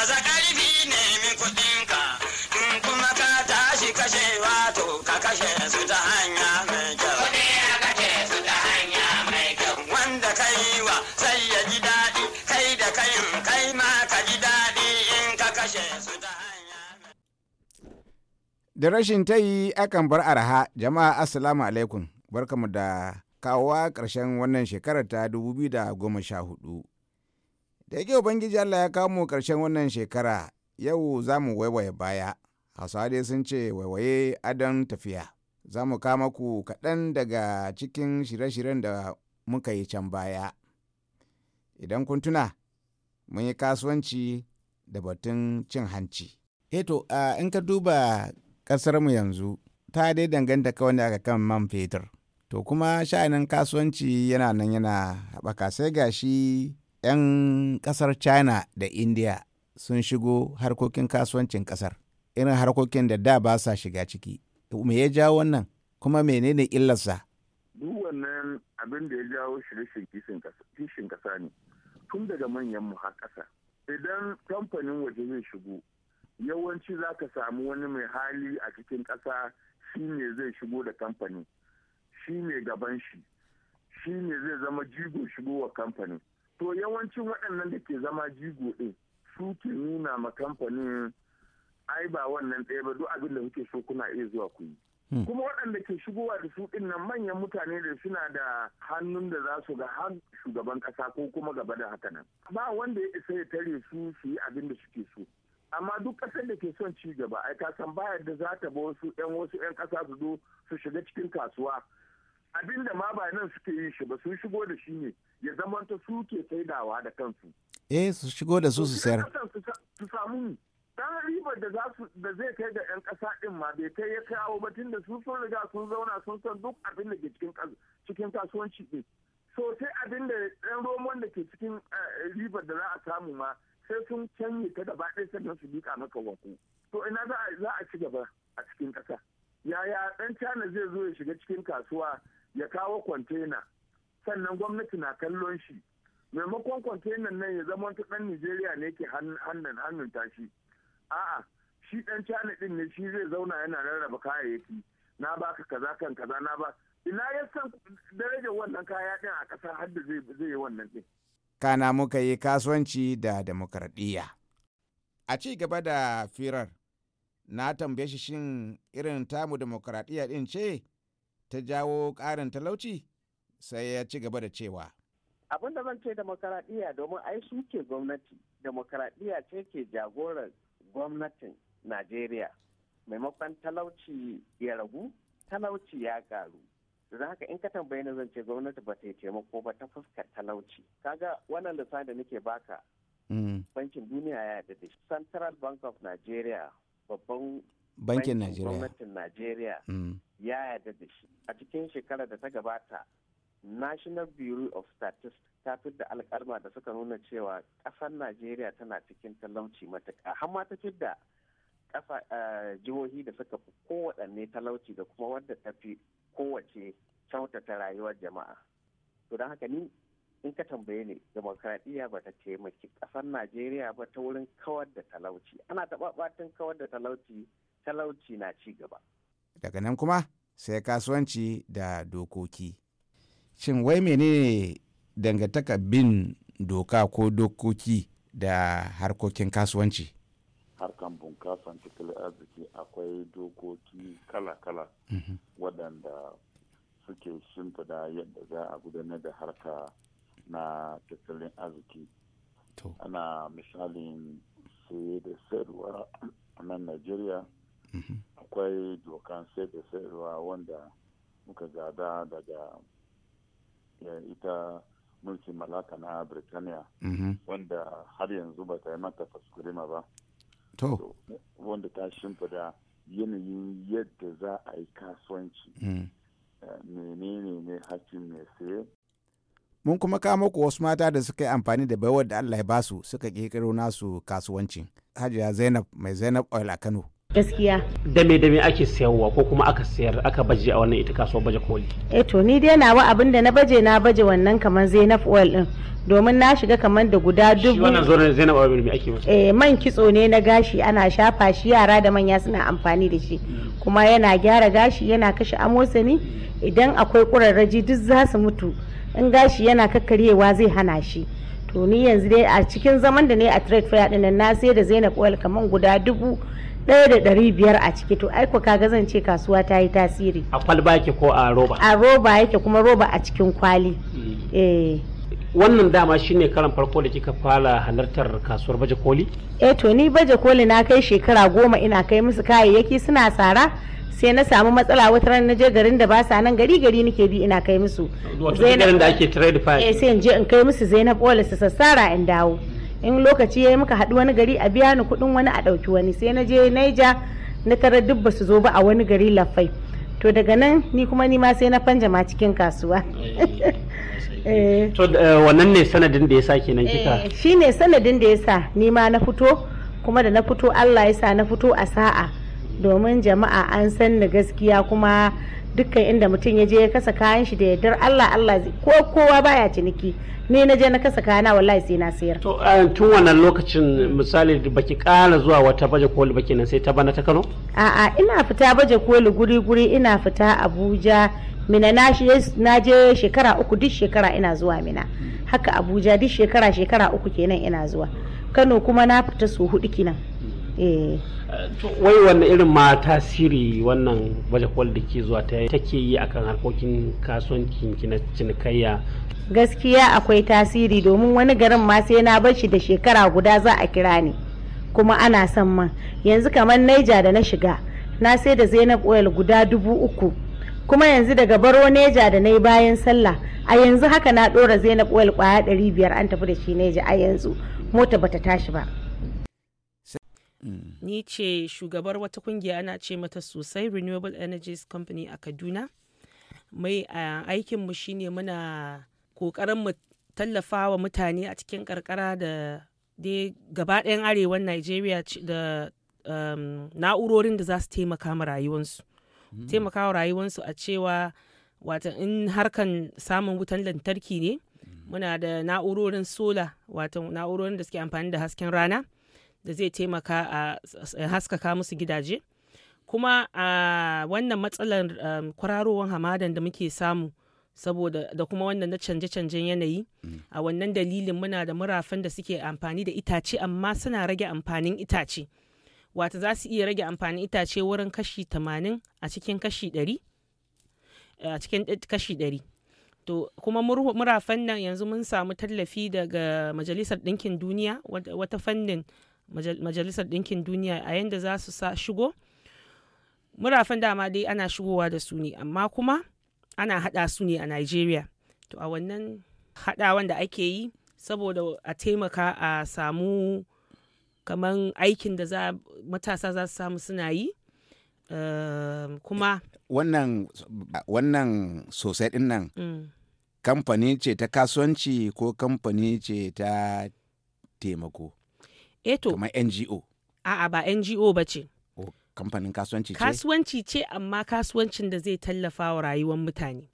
gwaza ƙarfi nemi kuɗinka in kuma ka tashi kashe wato ka kashe su ta hanya mai kyau. kashe su ta hanya mai kyau. Wanda ka yi wa sai ya ji daɗi kai da kai kai ma ka ji daɗi in ka kashe su ta hanya Da rashin ta yi akan bar araha jama'a assalamu alaikum barkamu da kawowa ƙarshen wannan shekarar ta 2014. da yake ubangiji allah ya mu karshen wannan shekara yau za mu waiwaye baya hausawa sun ce waiwaye adon tafiya za mu kama ku kaɗan daga cikin shirye-shiryen da muka yi can baya idan kun tuna mun yi kasuwanci da batun cin hanci eto eh uh, in ka duba ƙasarmu yanzu ta dai danganta kawai da aka kan man fetur to kuma sha'anin kasuwanci yana nan yana haɓaka sai gashi. 'yan kasar china da india sun shigo harkokin kasuwancin kasar irin harkokin da da ba sa shiga ciki me ya jawo wannan kuma menene illarsa duk wannan abin da ya jawo shirye kishin kasa ne tun daga manyan mu har ƙasa idan kamfanin waje zai shigo yawanci za ka samu wani mai hali a cikin ƙasa shi ne zai shigo da kamfani shi ne gaban shi shi ne zai zama jigo shigo wa kamfanin to yawancin waɗannan da ke zama jigo ɗin su ke nuna ma kamfanin ai ba wannan ɗaya ba duk abin da kuke so kuna iya zuwa ku yi hmm. kuma waɗanda ke shigowa da su ɗin nan manyan mutane da suna da hannun da za su ga har shugaban ƙasa ko kuma gaba da haka nan ba wanda ya isa ya tare su su yi abin da suke so amma duk ƙasar da ke son ci gaba ai ka san ba yadda za ta ba wasu ƴan wasu ƴan ƙasa su zo su shiga cikin kasuwa abin da ma ba nan suke yi shi ba sun shigo da shi ne ya zamanta su ke saidawa da kansu eh su shigo da su su sayar su samu dan ribar da za su da zai kai ga yan kasa din ma bai kai ya kawo ba tunda su sun riga sun zauna sun san duk abin da ke cikin cikin kasuwanci din so sai abin da yan romon da ke cikin eh, ribar da za a samu ma sai sun canye ta gaba ɗaya sannan su bika maka wako to ina za a ci gaba a cikin ƙasa yaya ɗan cana zai zo ya shiga cikin kasuwa ya kawo kwantena sannan gwamnati na kallon shi maimakon kwantenan nan ya zama ta ɗan Nijeriya ne ke hannun hannun tashi a'a shi ɗan China din ne shi zai zauna yana rarraba kayayyaki na baka kaza kan kaza na ba ina ya san darajar wannan kaya ɗin a ƙasa har da zai yi wannan din kana muka yi kasuwanci da demokradiyya a ci gaba da firar na tambaye shi shin irin tamu demokradiyya din ce ta jawo ƙarin talauci sai ya ci gaba da cewa. Abin da zan ce demokaradiyya domin ai su ke gwamnati, demokaradiyya ce ke jagorar gwamnatin Najeriya. Maimakon talauci ya ragu, talauci ya ƙaru. da haka in ka tambaye na zan ce gwamnati ba ta yi taimako ba ta fuskar talauci. Kaga wannan lissafi da nake baka mm. bankin duniya ya yadda da central bank of nigeria babban bankin Najeriya gwamnatin Najeriya mm. ya yarda da shi a cikin shekarar da ta gabata National Bureau of Statistics ta da alƙalma da suka nuna cewa ƙasar Najeriya tana cikin talauci matuƙa har ma ta da ƙasa eh, jihohi da suka fi kowaɗanne talauci da kuma wadda ta fi kowace kyautata rayuwar jama'a to don haka ni in ka tambaye ni demokradiyya ba ta taimaki kasar najeriya ba ta wurin kawar da talauci ana taɓaɓatin kawar da talauci talauci na ci gaba. Daga nan kuma sai kasuwanci da dokoki. Shin wai menene dangantaka bin doka ko dokoki da harkokin kasuwanci? Harkan bunkasan tattalin arziki akwai dokoki kala-kala mhm. waɗanda suke shimfida yadda za a gudanar da harka na tattalin arziki. Ana misalin sai da sayarwa a nan Najeriya. akwai dokan sai da sayarwa wanda muka gada daga eh, ita mulkin malaka na birtaniya mhm. wanda har yanzu ba ta yi mata faskurima ba to wanda ta shimfida yanayin yadda za a yi kasuwanci mm. eh, menene ne hakkin mai saye mun kuma kama ku wasu mata da suka yi amfani da baiwar da Allah ya basu suka kirkiro nasu kasuwancin hajiya zainab mai zainab oil a kano gaskiya da me da me ake sayarwa ko kuma aka sayar aka baje a wannan ita kasuwar baje koli eh to ni dai nawa abin da na baje na baje wannan kamar Zainab oil din domin na shiga kamar da guda dubu shi wannan Zainab oil me ake masa eh man kitso ne na gashi ana shafa shi yara da manya suna amfani da shi kuma yana gyara gashi yana kashe amosani idan akwai kurarraji duk za su mutu in gashi yana kakkarewa zai hana shi to ni yanzu dai a cikin zaman da ne a trade fair din na sai da Zainab oil kamar guda dubu ɗaya da ɗari biyar a ciki to aiko kaga zan ce kasuwa ta yi tasiri a kwalba yake ko a roba a roba yake kuma roba a cikin kwali hmm. eh. wannan dama shine karan farko da kika fara halartar kasuwar baje koli eh to ni baje koli na kai shekara goma ina kai musu kayayyaki suna tsara sai na samu matsala wata ran na je garin da ba sa nan gari gari nake bi ina kai musu zainab da ake trade fire eh sai in je in kai musu zainab ola su sassara in dawo hmm. in lokaci ya yi muka haɗu wani gari a biya ni kuɗin wani a ɗauki wani sai na je naija na tarar duk ba su zo ba a wani gari lafai to daga nan ni kuma ni ma sai na ma cikin kasuwa eh, eh, eh, to wannan ne sanadin da ya sa kenan kika shi sanadin da ya sa ni ma na fito kuma da na fito Allah ya sa na fito a sa'a domin jama'a an san da gaskiya kuma dukkan inda mutum ya je ya kasa kayan shi da yardar Allah Allah ko kowa baya ciniki ni na je na kasa kayana wallahi sai na sayar to eh, tun wannan lokacin misali baki kara zuwa wata baje koli baki nan sai ta bana ta Kano a'a ina fita baje koli guri guri ina fita Abuja mina na je shekara uku duk shekara ina zuwa mina haka Abuja duk shekara shekara uku kenan ina zuwa Kano kuma na fita su hudu kenan Eh. wai wanne irin ma tasiri wannan waje da ke zuwa ta take yi akan harkokin kasuwancin na cinikayya gaskiya akwai tasiri domin wani garin ma sai na bar shi da shekara guda za a kira ni kuma ana son man yanzu kamar naija da na shiga na sai da zainab oil guda dubu uku kuma yanzu daga baro neja da na yi bayan sallah a yanzu haka na ɗora zainab oil kwaya ɗari biyar an tafi da shi neja a yanzu mota bata tashi ba Mm. ni ce shugabar wata kungiya ana ce mata sosai renewable energies company a kaduna mai aikinmu shine muna kokarin mu tallafa wa mutane a cikin karkara da dai gabaɗayan arewan nigeria da um, na'urorin da za su taimaka ma rayuwansu mm. taimaka wa rayuwansu a cewa wata in harkan samun wutan lantarki ne mm. muna da na'urorin sola wata na'urorin da suke amfani da hasken rana da zai taimaka a haskaka musu gidaje kuma a wannan matsalar um, kwararowar hamadan da muke samu saboda da kuma wannan na canje-canjen yanayi mm. a wannan dalilin muna da murafan da suke amfani da itace amma suna rage amfanin itace wata za su iya rage amfanin itace wurin kashi 80 a cikin kashi 100 a cikin kashi dari to kuma murafan nan yanzu mun samu tallafi daga majalisar ɗinkin duniya wata fannin majalisar ɗinkin duniya a yadda za su shigo murafan dama dai ana shigowa da su ne amma kuma ana haɗa su ne a nigeria to a wannan haɗawan da ake yi saboda a taimaka a samu kamar aikin da za matasa za su samu suna yi eh, kuma wannan sosai ɗin nan mm. kamfani ce ta kasuwanci ko kamfani ce ta taimako eto eh kamar ngo a'a ba ngo ba ce kamfanin kasuwanci ce kasuwanci ce amma kasuwancin da zai tallafa wa rayuwar mutane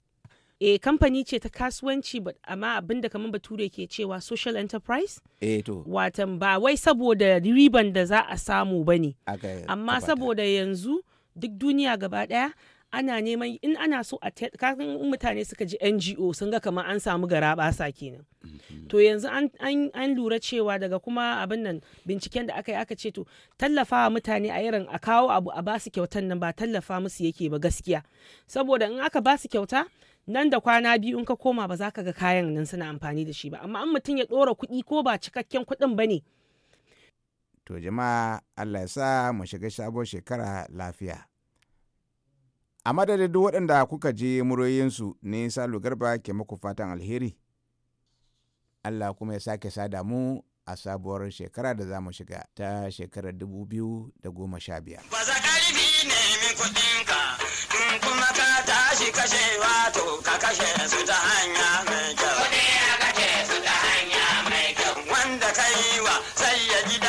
e kamfani ce ta kasuwanci amma abin da kamar bature ke cewa social enterprise eto eh watan ba wai saboda riban da za a samu ba ne amma saboda yanzu duk duniya gaba daya ana neman in ana so a kakan mutane suka ji ngo sun ga kamar an samu gara basa kenan mm-hmm. to yanzu an lura cewa daga kuma abin nan binciken da aka yi aka ce to tallafa mutane a irin a kawo abu a basu kyautan nan ba tallafa musu yake ba gaskiya saboda in aka basu kyauta nan da kwana biyu in ka koma ba za ka ga kayan nan suna amfani da shi ba amma an mutum ya ɗora kuɗi ko ba cikakken kuɗin ba ne to jama'a allah ya sa mu shiga sabon shekara lafiya a madadin duk waɗanda kuka je muroyinsu ne sa garba ke muku fatan alheri allah kuma ya sake sada mu a sabuwar shekara da za mu shiga ta shekarar 2015 ba za ƙarfi ka tashi ka wanda ka wa sai ya ji